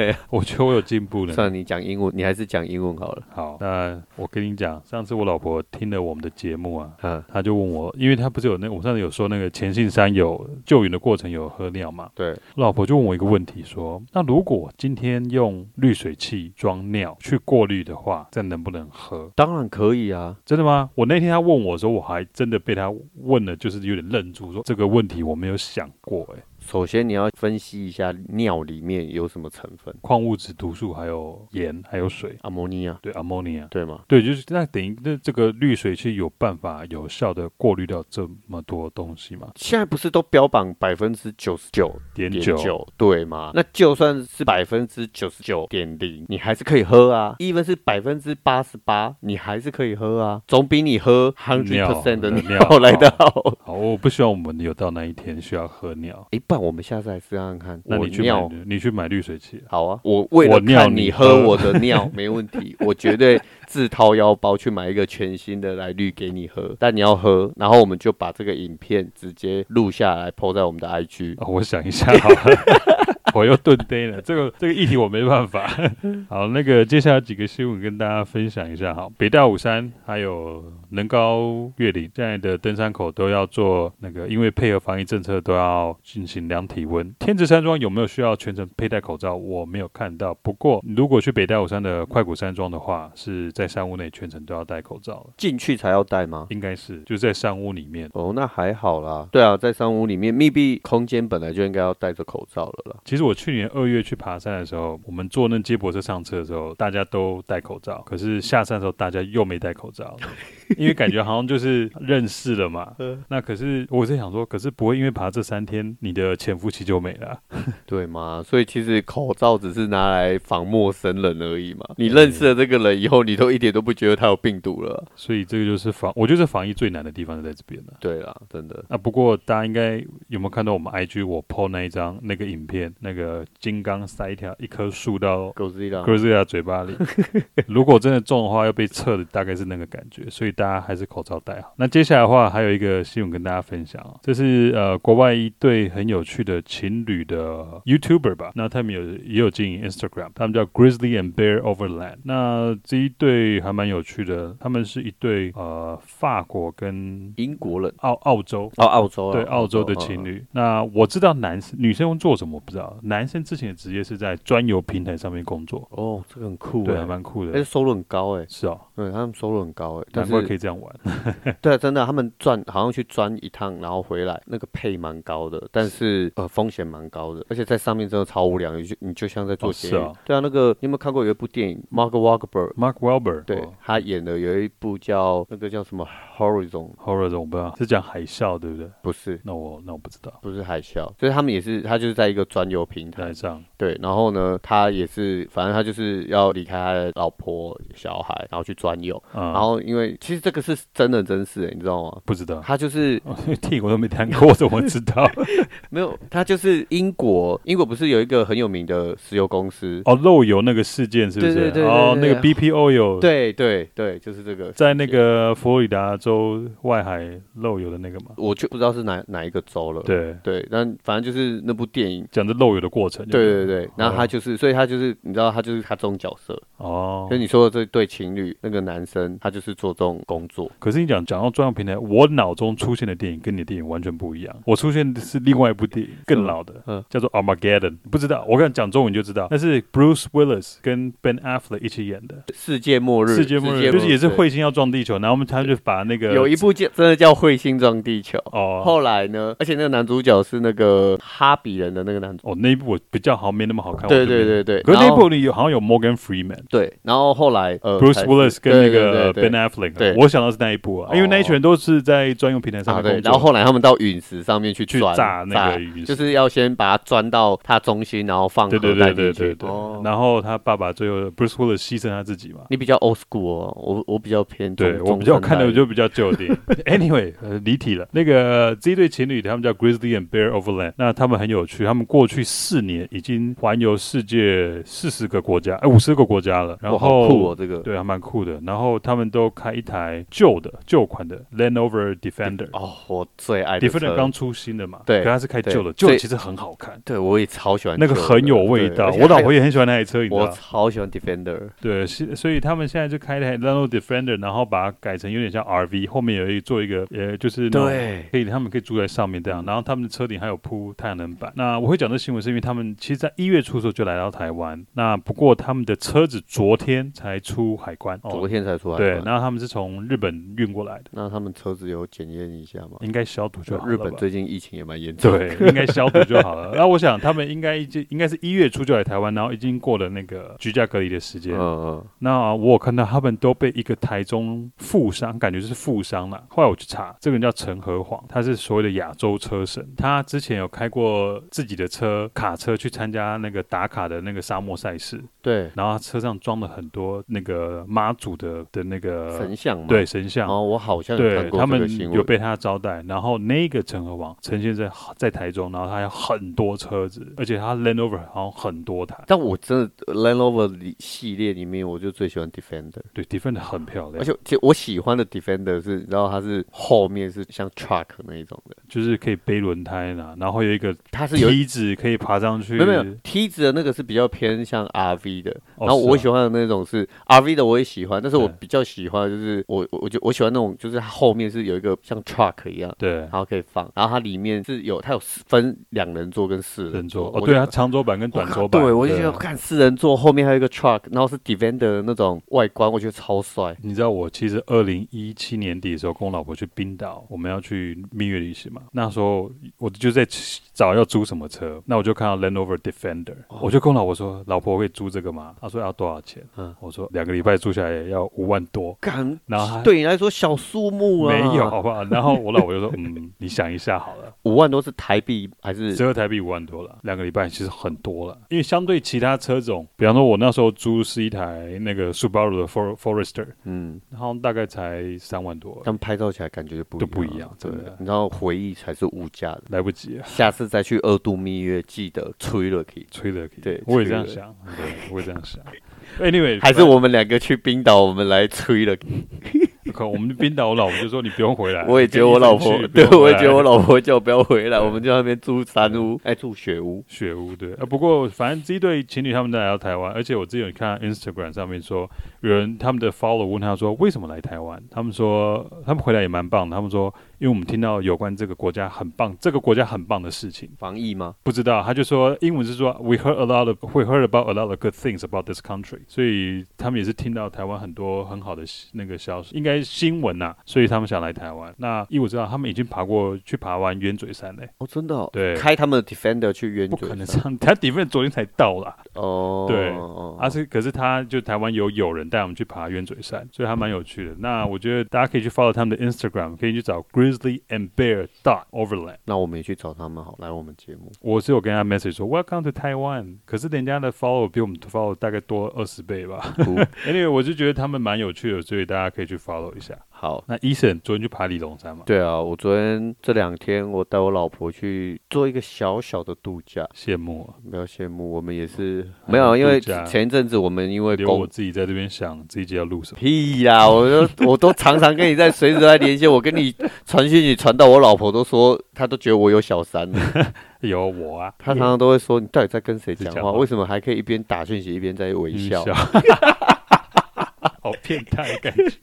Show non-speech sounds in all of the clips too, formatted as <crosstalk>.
Hey, 我覺得我有進步了。算了，你講英文，你還是講英文好了。好，那我跟你講，上次我老婆聽了我們的節目啊，嗯，她就問我，因為她不是有那，我上次有說那個前信山有救援的過程有喝尿嘛？對。老婆就問我一個問題說，說、嗯、那如果今天用濾水器裝尿去過濾的話，這樣能不能喝？當然可以啊。真的嗎？我那天她問我的時候，我還真的被她問了，就是有點愣住說，說這個問題我沒有想過、欸，哎。首先你要分析一下尿裡面有什麼成分，礦物質、毒素，還有鹽，還有水。阿摩尼亞，對阿摩尼亞，對嗎？對，就是那等於那這個濾水器有辦法有效的過濾掉這麼多東西嗎？現在不是都標榜百分之九十九點九對嗎？那就算是百分之九十九點零，你還是可以喝啊。even 是百分之八十八，你還是可以喝啊。總比你喝 hundred percent 的尿來得、呃、好，好，好，好。好，我不希望我們有到那一天需要喝尿。一 <laughs> 不。我們下次來試看看，看。那你去，啊、你去買濾水器，啊。好啊，我為了尿，你喝我的尿，沒問題， <laughs> 我絕對自掏腰包去買一個全新的來濾給你喝。但你要喝，然後我們就把這個影片直接錄下來，po 在我們的 IG。我想一下好了。 <laughs> <laughs> 我又蹲呆了。這個這個議題我沒辦法。 <laughs> 好，那個接下來幾個新聞跟大家分享一下哈。北大武山還有能高越嶺這樣的登山口都要做那個，因為配合防疫政策都要進行量體溫。天池山莊有沒有需要全程佩戴口罩？我沒有看到。不過如果去北大武山的檜谷山莊的話，是在山屋內全程都要戴口罩了，進去才要戴嗎？應該是就在山屋裡面哦，那還好啦。對啊，在山屋裡面密閉空間本來就應該要戴着口罩了啦。是我去年二月去爬山的時候，我們坐那接駁車上車的時候，大家都戴口罩。可是下山的時候，大家又沒戴口罩，因為感覺好像就是認識了嘛。 <laughs> 那可是我在想說，可是不會因為爬這三天，你的潛伏期就沒了、啊，對嗎？所以其實口罩只是拿來防陌生人而已嘛。你認識了這個人以後，你都一點都不覺得他有病毒了。所以這個就是防，我覺得防疫最難的地方就在這邊了、啊。對啦，真的。那、啊、不過大家應該有沒有看到我們 IG 我 po 那一張那個影片？那個金剛塞一條一棵樹到 Grizzly 的 Grizzly 的嘴巴裡，如果真的中的話，要被測的大概是那個感覺，所以大家還是口罩戴好。那接下來的話，還有一個新聞跟大家分享，這是呃國外一對很有趣的情侶的 YouTuber 吧。那他們有也有經營 Instagram，他們叫 Grizzly and Bear Overland。那這一對還蠻有趣的，他們是一對呃法國跟英國人，澳澳洲，澳澳洲對澳洲的情侶。那我知道男生女生用做什麼，我不知道。男生之前的職業是在鑽油平台上面工作哦，這個很酷，對，蠻酷的，哎、欸，收入很高哎、欸，是啊、哦，對他們收入很高哎、欸，難怪可以這樣玩。 <laughs> 對啊，真的，他們鑽，好像去鑽一趟，然後回來那個配蠻高的，但是,是呃風險蠻高的，而且在上面真的超無聊，你就你就像在做實、哦哦、對啊，那個你有沒有看過有一部電影？Mark Wahlberg，Mark Wahlberg，對，oh. 他演的有一部叫那個叫什麼 Horizon，Horizon，Horizon, 不知道是講海嘯對不對？不是，那我那我不知道，不是海嘯，就是他們也是，他就是在一個鑽油。平台上對，然後呢，他也是，反正他就是要離開他的老婆、小孩，然後去鑽油。然後因為其實這個是真的，真是、欸，你知道嗎？不知道，他就是我我都沒看過，我怎麼知道？沒有，他就是英國，英國不是有一個很有名的石油公司哦？漏油那個事件是不是？哦，那個 BP Oil。對對對，就是這個，在那個佛羅里達州外海漏油的那個嘛，我就不知道是哪哪一個州了。對對，但反正就是那部電影講的漏。有的過程是是，對對對，然後他就是，oh. 所以他就是，你知道，他就是他這種角色哦。跟、oh. 你說的這對情侶，那個男生他就是做這種工作。可是你講講到重要平台，我腦中出現的電影跟你的電影完全不一樣，我出現的是另外一部電影，更老的，嗯嗯、叫做 Armageddon，不知道，我剛講中文就知道，但是 Bruce Willis 跟 Ben Affleck 一起演的《世界末日》世界末日，世界末日就是也是彗星要撞地球，然後我們他就把那個有一部叫真的叫彗星撞地球。哦、oh.，後來呢，而且那個男主角是那個哈比人的那個男主角。Oh. 那一部比較好，沒那麼好看。對對對對，可是那一部裡有好像有 Morgan Freeman。對，然後後來、呃、Bruce Willis 跟那個對對對對 Ben Affleck，對，對，對，對。我想到是那一部啊，因為那一群都是在專用平台上面，哦啊。對，然後後來他們到隕石上面去去炸那個隕石，炸，就是要先把它鑽到它中心，然後放對對對對對，對，對、哦，然後他爸爸最後 Bruce Willis 犧牲他自己嘛。你比較 old school、啊、我我比較偏對，我比較看的就比較舊的 <laughs> Anyway，呃，離題了。那個、呃、這一對情侶，他們叫 Grizzly and Bear Overland，那他們很有趣，他們過去。四年已經環遊世界四十個國家，哎五十個國家了。然後、哦、酷我、哦、這個對，還蠻酷的。然後他們都開一台舊的、舊款的 Land Rover Defender。哦，我最愛的 Defender 剛，剛出新的嘛？對，可是他是開舊的，舊的其實很好看。對，對我也超喜歡那個很有味道。我老婆也很喜歡那台車，你知道嗎，我超喜歡 Defender。對，所以他們現在就開一台 Land Rover Defender，然後把它改成有點像 RV，後面也可以做一個，呃，就是那對，可以他們可以住在上面這樣。然後他們的車頂還有鋪太陽能板。那我會講到新聞。是因為他們，其實在一月初的時候就來到台灣。那不過他們的車子昨天才出海關，哦、昨天才出海關。對，然後他們是從日本運過來的。那他們車子有檢驗一下嗎？應該消毒就好了。日本最近疫情也蠻嚴重的，對，應該消毒就好了。 <laughs> 那我想他們應該就應該是一月初就來台灣，然後已經過了那個居家隔離的時間。嗯嗯。那、啊、我有看到他們都被一個台中富商，感覺是富商啦。後來我去查，這個人叫陳和黃，他是所謂的亞洲車神，他之前有開過自己的車。卡車去參加那個打卡的那個沙漠賽事，對，然後他車上裝了很多那個媽祖的的那個神像，對，神像。哦，我好像看過，對他們有被他招待。然後那個合陳和王呈現在在台中，嗯、然後他有很多車子，而且他 Land Rover 好很多台。但我真的 Land Rover 系列裡面，我就最喜歡 Defender。對，Defender 很漂亮。而且，且我喜歡的 Defender 是，然後他它是後面是像 truck 那一種的，就是可以背輪胎的、嗯，然後有一個它是有一隻可以。爬上去，沒有沒有梯子的那個是比較偏向 RV 的，然後我喜歡的那種是 RV 的我也喜歡，但是我比較喜歡就是我我就我喜歡那種就是它後面是有一個像 truck 一樣，對，然後可以放，然後它裡面是有它有分兩人座跟四人座，人座哦，哦對啊，它長桌板跟短桌板。對，對我就覺得看四人座後面還有一個 truck，然後是 Defender 的那種外觀，我覺得超帥。你知道我其實二零一七年底的時候跟我老婆去冰島，我們要去蜜月旅行嘛，那時候我就在找要租什麼車，那我就。就看到 Land Rover Defender，我就跟老婆說：“老婆會租這個嗎？”他說：“要多少錢？”我說：“兩個禮拜租下來也要五萬多。”然那對你來說小數目啊，沒有好不好？然後我老婆就說：“嗯，你想一下好了。”五萬多是台幣還是只有台幣五萬多了？兩個禮拜其實很多了，因為相對其他車種，比方說我那時候租是一台那個 Subaru 的 Forester，嗯，然後大概才三萬多。但拍照起來感覺就不不一樣，對。然後回憶才是無價的。來不及啊，下次再去二度蜜月。記得吹了可以，吹了可以。對，我也這樣想，對，我也這樣想。 <laughs> Anyway，還是我們兩個去冰島，我們來吹了。可、 <laughs> Okay, 我們冰島，我老婆就說你不用回來。我也覺得我老婆，欸、對，對我也覺得我老婆叫我不要回來，我們在那邊住山屋，還住雪屋，雪屋對、啊。不過反正這一對情侶他們都來到台灣，而且我自己有看 Instagram 上面說。有人他們的 follow 問他說為什麼來台灣？他們說他們回來也蠻棒的。他們說因為我們聽到有關這個國家很棒，這個國家很棒的事情。防疫嗎？不知道。他就說英文是說 We heard a lot of 會 heard about a lot of good things about this country。所以他們也是聽到台灣很多很好的那個消息，應該是新聞吶、啊。所以他們想來台灣。那因為我知道他們已經爬過去爬完鳶嘴山嘞。哦，真的、哦？對，開他們的 Defender 去鳶嘴山不可能。他 Defender 昨天才到了，啊。哦，對，而、哦、且、啊嗯、可是他就台灣有有人，帶我們去爬鳶嘴山，所以還蠻有趣的。那我覺得大家可以去 follow 他們的 Instagram，可以去找 Grizzly and Bear dot Overland。那我們也去找他們好，好來我們節目。我是有跟他 message 說 Welcome to Taiwan，可是人家的 follow 比我們 follow 大概多二十倍吧。Uh -huh. <laughs> anyway，我就覺得他們蠻有趣的，所以大家可以去 follow 一下。好、uh -huh.，那 Eason 昨天去爬里龍山嘛？對啊，我昨天這兩天我帶我老婆去做一個小小的度假，羨慕啊、嗯，不要羨慕。我們也是、嗯、沒有，因為前一陣子我們因為我自己在這邊。講這一集要錄什麼？屁呀！我都我都常常跟你在隨時在連線， <laughs> 我跟你傳訊息傳到我老婆都說，她都覺得我有小三了。 <laughs> 有我啊！她常常都會說，你到底在跟誰講話，話？為什麼還可以一邊打訊息一邊在微笑？微笑 <laughs> <laughs> 好變態的感覺，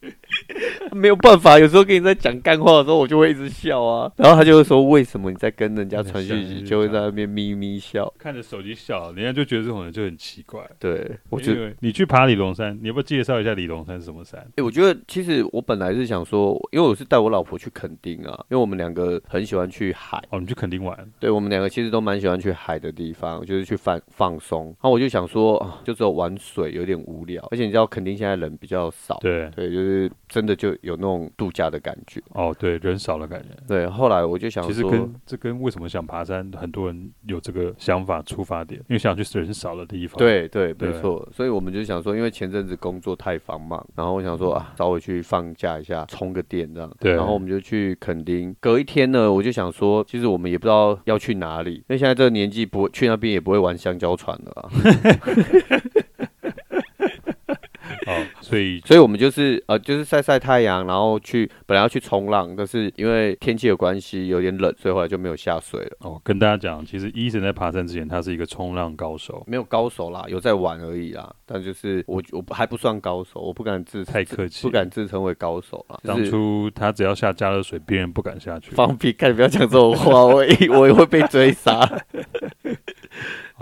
<laughs> 沒有辦法。有時候跟你在講幹話的時候，我就會一直笑啊。然後他就會說：“為什麼你在跟人家傳訊息，就會在那邊咪咪笑，看着手機笑？”人家就覺得這種人就很奇怪。對，我覺得你去爬里龍山，你要不要介紹一下里龍山是什麼山？哎、欸，我覺得其實我本來是想說，因為我是帶我老婆去墾丁啊，因為我們兩個很喜歡去海哦。你去墾丁玩？對我們兩個其實都蠻喜歡去海的地方，就是去放放鬆。然、啊、後我就想說、啊，就只有玩水有點無聊，而且你知道墾丁現在人比較。比較少，對對，就是真的就有那種度假的感覺哦，對，人少的感覺。對，後來我就想說，其實跟這跟為什麼想爬山，很多人有這個想法出發點，因為想去人少的地方。對對，對，沒錯。所以我們就想說，因為前陣子工作太繁忙，然後我想說、嗯、啊，找回去放假一下，充個電這樣。對。然後我們就去墾丁，隔一天呢，我就想說，其實我們也不知道要去哪裡，因為現在這個年紀不去那邊也不會玩香蕉船了。啊。 <laughs> <laughs> 所以，所以我們就是呃，就是曬曬太陽，然後去，本來要去衝浪，但是因為天氣有關係，有點冷，所以後來就沒有下水了。哦，跟大家講，其實醫生在爬山之前，他是一個衝浪高手，沒有高手啦，有在玩而已啦。但就是我，我還不算高手，我不敢自，太客氣，不敢自稱為高手啊、就是。當初他只要下加熱水，別人不敢下去。放屁！趕緊不要講這種話， <laughs> 我也我也會被追殺。 <laughs>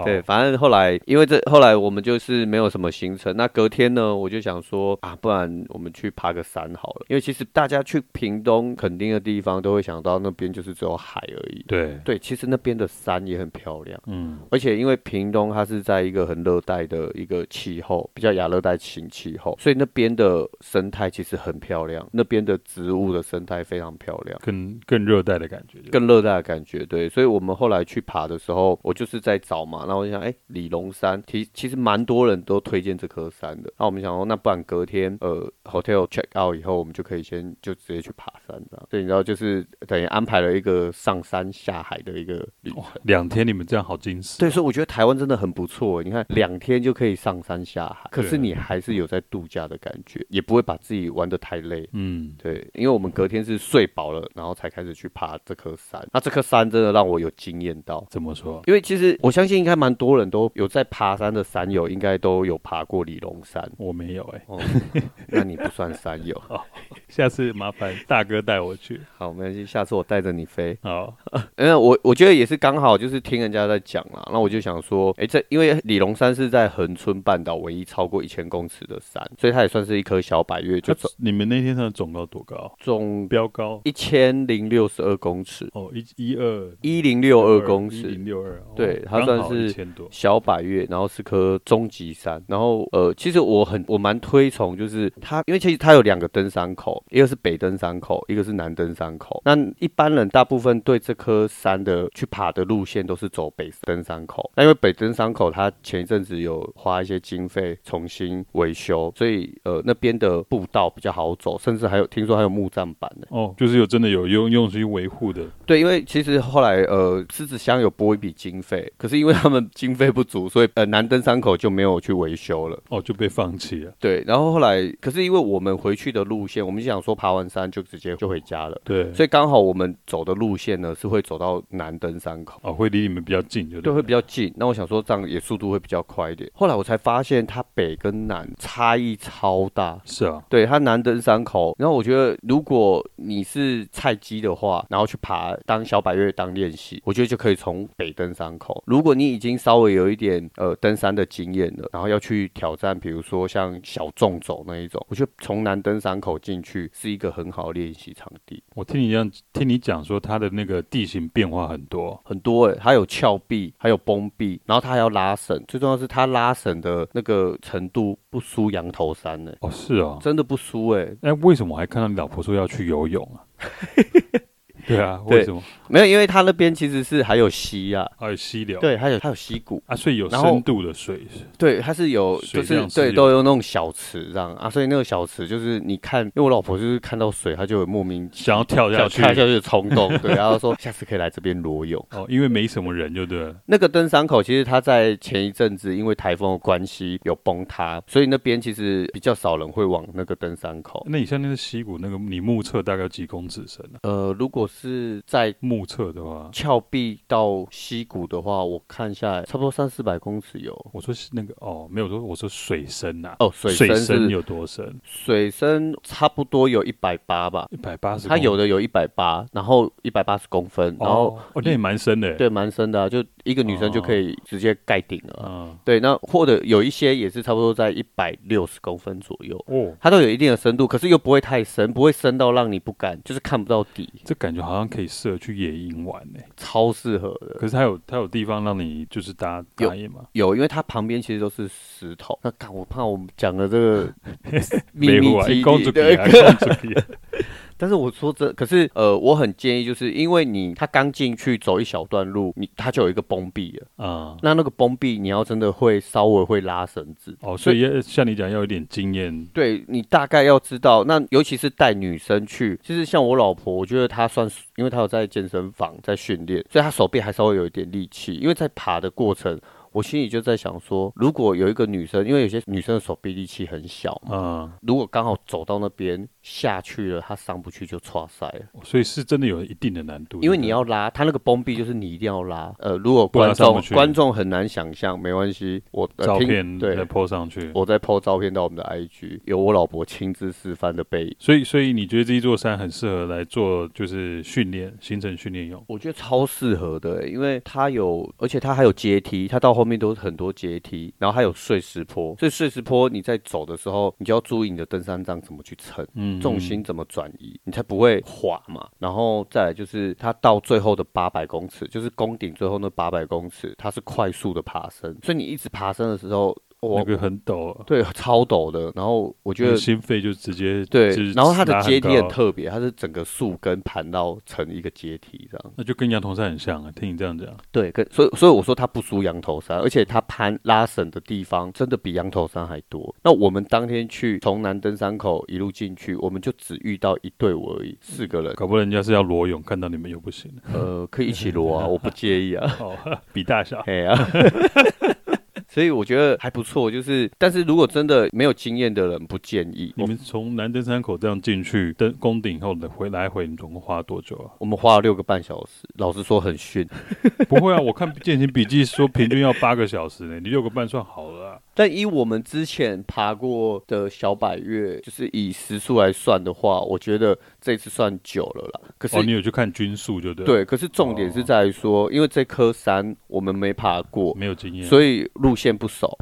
對，反正後來因為這後來我們就是沒有什麼行程。那隔天呢，我就想說啊，不然我們去爬個山好了。因為其實大家去屏東墾丁的地方，都會想到那邊就是只有海而已。對對，其實那邊的山也很漂亮。嗯，而且因為屏東它是在一個很熱帶的一個氣候，比較亞熱帶型氣候，所以那邊的生態其實很漂亮。那邊的植物的生態非常漂亮，嗯、更更熱帶的感覺，更熱帶的感覺。對，所以我們後來去爬的時候，我就是在找嘛。然後我就想，哎，里龍山，其其實蠻多人都推薦這顆山的。那、啊、我們想說，那不然隔天，呃，hotel check out 以後，我們就可以先就直接去爬山這樣，你知道？對，然後就是等於安排了一個上山下海的一個旅程哦。兩天你們這樣好精實。對，所以我覺得台灣真的很不錯。你看，兩天就可以上山下海，可是你還是有在度假的感覺，也不會把自己玩得太累。嗯，對，因為我們隔天是睡飽了，然後才開始去爬這顆山。那這顆山真的讓我有驚豔到。怎麼說？因為其實我相信，應該，蠻多人都有在爬山的山友，應該都有爬過裡龍山。我沒有哎、欸哦，那你不算山友。 <laughs> 下次麻煩大哥帶我去。好，沒關係，下次我帶着你飛。 <laughs> 好，因為、 <laughs> 欸、我我覺得也是剛好，就是聽人家在講嘛，那我就想說，哎、欸，這因為裡龍山是在恆春半島唯一超過一千公尺的山，所以它也算是一顆小百岳。就、啊、你們那天它的總高多高？總標高一千零六十二公尺。哦，一一二一零六二公尺。一零六二，對，它算是。千多，小百岳，然後是顆中級山，然後呃，其實我很我蠻推崇，就是它，因為其實它有兩個登山口，一個是北登山口，一個是南登山口。那一般人大部分對這顆山的去爬的路線都是走北登山口。那因為北登山口它前一陣子有花一些經費重新維修，所以呃那邊的步道比較好走，甚至還有聽說還有木棧板的哦，就是有真的有用用心維護的。對，因為其實後來呃獅子鄉有撥一筆經費，可是因為他們。們經費不足，所以呃，南登山口就沒有去維修了，哦，就被放棄了。對，然後後來，可是因為我們回去的路線，我們就想說爬完山就直接就回家了，對，所以剛好我們走的路線呢是會走到南登山口啊，哦，會離你們比較近就對，就對，會比較近。那我想說這樣也速度會比較快一點。後來我才發現它北跟南差異超大，是啊，對它南登山口。然後我覺得如果你是菜雞的話，然後去爬當小百岳當練習，我覺得就可以從北登山口。如果你已經已經稍微有一點呃登山的經驗了，然後要去挑戰，比如說像小縱走那一種，我覺得從南登山口進去是一個很好的練習場地。我聽你這樣聽你講說，它的那個地形變化很多很多哎、欸，它有峭壁，還有崩壁，然後它還要拉繩，最重要是它拉繩的那個程度不輸羊頭山呢、欸。哦，是啊、哦，真的不輸哎、欸。那、欸、為什麼我還看到你老婆說要去游泳啊？欸 <laughs> 對啊對，為什麼？沒有，因為它那邊其實是還有溪啊，還有溪流，對，還有還有溪谷啊，所以有深度的水。是對，它是有，就是就對，都有那種小池這樣啊，所以那個小池就是你看，因為我老婆就是看到水，嗯、她就會莫名想要跳下去、跳下去的衝動。對， <laughs> 然後說下次可以來這邊裸泳 <laughs> 哦，因為沒什麼人，就對了。那個登山口其實它在前一陣子因為台風的關係有崩塌，所以那邊其實比較少人會往那個登山口。那你像那個溪谷，那個你目測大概幾公尺深呢？呃，如果是在目測的話，峭壁到溪谷的話，我看下來差不多三四百公尺有。我說是那個哦，沒有說我說水深吶、啊，哦水深，水深有多深？水深差不多有一百八吧，一百八十，它有的有一百八，然後一百八十公分，然後哦那也蠻深的，對，蠻深的，啊，就一個女生就可以直接蓋頂了，啊。嗯、哦，對，那或者有一些也是差不多在一百六十公分左右，哦，它都有一定的深度，可是又不會太深，不會深到讓你不敢，就是看不到底，這感覺。好像可以適合去野營玩呢、欸，超適合的。可是它有它有地方讓你就是搭有搭野嗎？有，因為它旁邊其實都是石頭。那我怕我們講的這個秘密基地 <laughs> <laughs> 去 <laughs> 但是我說這可是呃，我很建議，就是因為你他剛進去走一小段路，你他就有一個崩壁了啊，嗯。那那個崩壁，你要真的會稍微會拉繩子哦，所以要像你講要有點經驗。對，對你大概要知道，那尤其是帶女生去，其實像我老婆，我覺得她算是，因為她有在健身房在訓練，所以她手臂還稍微有一點力氣，因為在爬的過程。我心裡就在想說，如果有一個女生，因為有些女生的手臂力氣很小，嗯，如果剛好走到那邊下去了，她上不去就挫塞了哦。所以是真的有一定的難度，因為你要拉，她那個崩壁就是你一定要拉。呃，如果觀眾觀眾很難想象，沒關係，我照片，呃、對，再潑上去，我再潑照片到我們的 IG，有我老婆親自示範的背影。所以，所以你覺得這一座山很適合來做就是訓練，行程訓練用？我覺得超適合的，因為它有，而且它還有階梯，它到後。後面都是很多階梯，然後還有碎石坡，所以碎石坡你在走的時候，你就要注意你的登山杖怎麼去撐，嗯嗯，重心怎麼轉移，你才不會滑嘛。然後再來就是它到最後的八百公尺，就是攻頂最後那八百公尺，它是快速的爬升，所以你一直爬升的時候。那個很陡啊，對，超陡的。然後我覺得心肺就直接就對。然後它的階梯很特別，它是整個樹根盤到成一個階梯這樣。那就跟羊頭山很像啊，聽你這樣講。對，跟所以所以我說它不輸羊頭山，而且它攀拉繩的地方真的比羊頭山還多。那我們當天去從南登山口一路進去，我們就只遇到一隊伍而已，四個人。搞不好人家是要裸泳，看到你們又不行。呃，可以一起裸啊， <laughs> 我不介意啊。哦，比大小。哎呀。所以我覺得還不錯，就是但是如果真的沒有經驗的人，不建議。我們從南登山口這樣進去登攻頂以後，來回來回，你總共花了多久啊？我們花了六個半小時。老實說很遜， <laughs> 不會啊？我看《健行筆記》說平均要八個小時呢，你六個半算好了啊。但以我們之前爬過的小百岳，就是以時速來算的話，我覺得這次算久了啦。可是、哦、你有去看均速就對。對，可是重點是在說，哦、因為這顆山我們沒爬過，沒有經驗，所以路線不熟。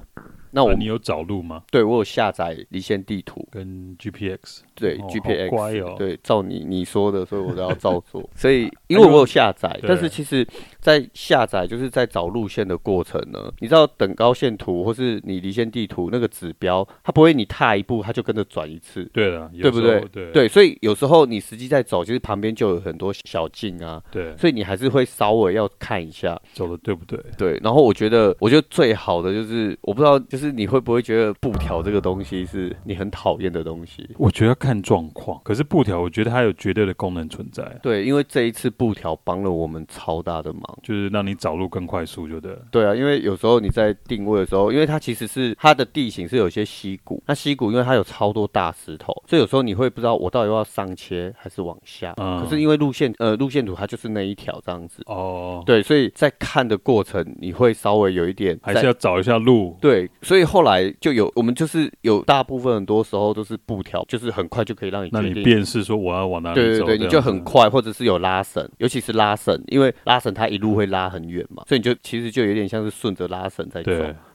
那我、啊、你有找路嗎？對我有下載離線地圖跟 G P X，對、哦、G P X、哦、對照你你說的，所以我都要照做。 <laughs> 所以因為我有下載、哎，但是其實，在下載就是在找路線的過程呢。你知道等高線圖或是你離線地圖那個指標，它不會你踏一步，它就跟着轉一次，對了對不對，對？對。所以有時候你實際在走，其實、就是、旁邊就有很多小徑啊，對。所以你還是會稍微要看一下走的對不對？對。然後我覺得，我覺得最好的就是我不知道就是。是你會不會覺得布條這個東西是你很討厭的東西？我覺得要看狀況。可是布條，我覺得它有絕對的功能存在。對，因為這一次布條幫了我們超大的忙，就是讓你找路更快速，就對了。對啊，因為有時候你在定位的時候，因為它其實是它的地形是有些溪谷，那溪谷因為它有超多大石頭，所以有時候你會不知道我到底要上切還是往下。啊，可是因為路線呃路線圖它就是那一條這樣子。哦。對，所以在看的過程，你會稍微有一點還是要找一下路。對。所以後來就有，我們就是有大部分很多時候都是布條，就是很快就可以讓你確定，那你辨識說我要往哪裡走。對對，對，你就很快，或者是有拉繩，尤其是拉繩，因為拉繩它一路會拉很遠嘛，所以你就其實就有點像是順着拉繩在走。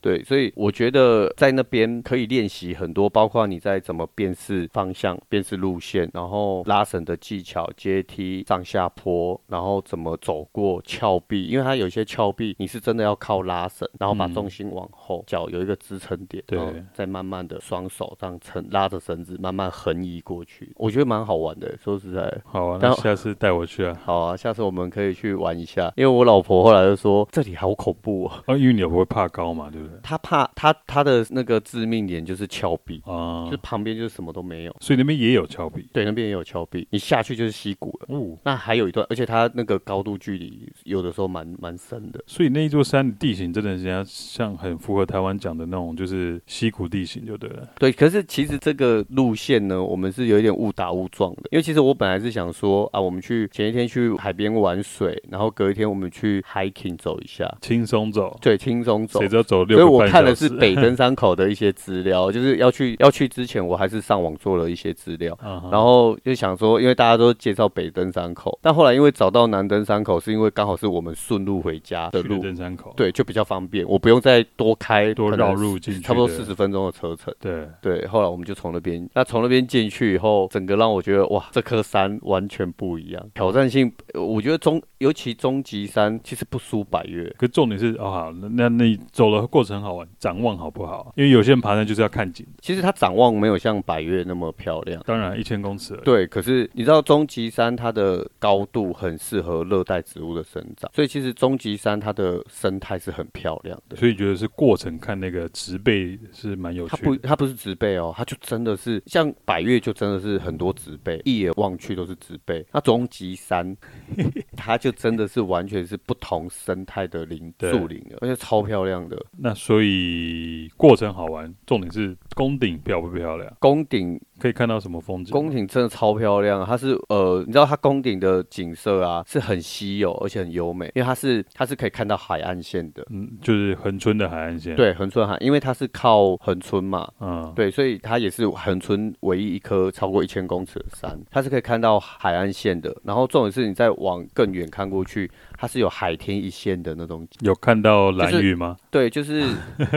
對，所以我覺得在那邊可以練習很多，包括你在怎麼辨識方向、辨識路線，然後拉繩的技巧、階梯上下坡，然後怎麼走過峭壁，因為它有些峭壁你是真的要靠拉繩，然後把重心往後、嗯，腳有一個支撐點，對，再慢慢的雙手這樣撐拉着繩子慢慢橫移過去，我覺得蠻好玩的。說實在，好玩、啊，那下次帶我去啊。好啊，下次我們可以去玩一下，因為我老婆後來就說這裡好恐怖、哦、啊，因為你也不會怕高嘛，對不對？他怕他他的那個致命點就是峭壁啊，uh, 就旁邊就是什麼都沒有，所以那邊也有峭壁。對，那邊也有峭壁，你下去就是溪谷了。哦，那還有一段，而且它那個高度距離有的時候蠻蠻深的。所以那一座山的地形真的是像很符合台灣講的那種，就是溪谷地形就對了。對，可是其實這個路線呢，我們是有一點誤打誤撞的，因為其實我本來是想說啊，我們去前一天去海邊玩水，然後隔一天我們去 hiking 走一下，輕鬆走。對，輕鬆走，誰知道走六。所以我看的是北登山口的一些資料， <laughs> 就是要去要去之前，我還是上網做了一些資料，uh -huh. 然後就想說，因為大家都介紹北登山口，但後來因為找到南登山口，是因為剛好是我們順路回家的路，去的登山口對，就比較方便，我不用再多開多繞路，進去，差不多四十分鐘的車程，對對。後來我們就從那邊，那從那邊進去以後，整個讓我覺得哇，這顆山完全不一樣，挑戰性，我覺得中，尤其中級山其實不輸百岳。可重點是啊、哦，那你走了過。很好玩，展望好不好？因為有些人爬山就是要看景。其實它展望沒有像百岳那麼漂亮，當然一千公尺。對，可是你知道，中級山它的高度很適合熱帶植物的生長，所以其實中級山它的生態是很漂亮的。所以你覺得是過程看那個植被是蠻有趣的。它不，它不是植被哦，它就真的是像百岳，就真的是很多植被，一眼望去都是植被。那中級山， <laughs> 它就真的是完全是不同生態的林樹林，而且超漂亮的。那所以過程好玩，重點是宮頂漂不漂亮？宮頂可以看到什麼風景？宮頂真的超漂亮，它是呃，你知道它宮頂的景色啊，是很稀有而且很優美，因為它是它是可以看到海岸線的，嗯，就是恆春的海岸線。對，恆春海，因為它是靠恆春嘛，嗯，對，所以它也是恆春唯一一顆超過一千公尺的山，它是可以看到海岸線的。然後重點是你再往更遠看過去。它是有海天一線的那種，有看到蘭嶼嗎？對，就是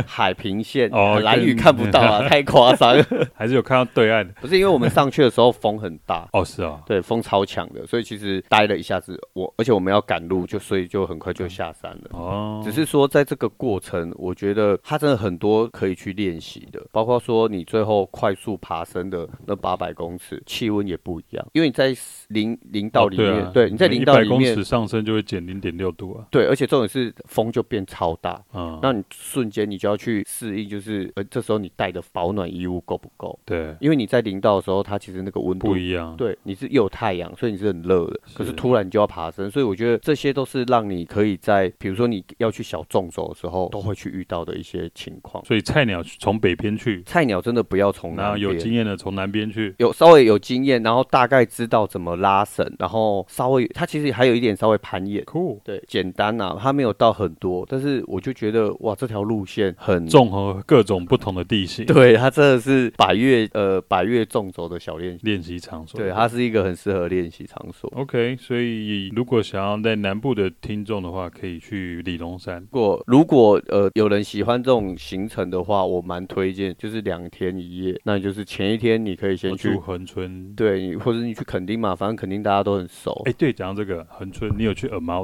海平線 <laughs> 哦，蘭嶼看不到啊， <laughs> 太誇張。還是有看到對岸，不是因為我們上去的時候風很大哦，是啊，對，風超強的，所以其實待了一下子，我而且我們要趕路，就所以就很快就下山了哦。只是說在這個過程，我覺得它真的很多可以去練習的，包括說你最後快速爬升的那八百公尺，氣溫也不一樣，因為你在林林道裡面，對，你在林道裡面100公尺上升就會減。零點六度啊，對，而且重點是風就變超大啊、嗯，那你瞬間你就要去適應，就是呃這時候你帶的保暖衣物夠不夠？對，因為你在林道的時候，它其實那個溫度不一樣，對，你是又有太陽，所以你是很熱的，可是突然你就要爬升，所以我覺得這些都是讓你可以在比如說你要去小眾走的時候，都會去遇到的一些情況。所以菜鳥從北邊去，菜鳥真的不要從南邊，然後有經驗的從南邊去，有稍微有經驗，然後大概知道怎麼拉繩，然後稍微它其實還有一點稍微攀岩。對，簡單吶、啊，它沒有到很多，但是我就覺得哇，這條路線很綜合各種不同的地形。對，它真的是百岳呃百岳縱軸的小練習練習場所。對，它是一個很適合練習場所。OK，所以如果想要在南部的聽眾的話，可以去里龍山。過如果呃有人喜歡這種行程的話，我蠻推薦，就是兩天一夜，那就是前一天你可以先去恆春，對，或者你去墾丁嘛，反正墾丁大家都很熟。哎，對，講到這個恆春，你有去耳貓？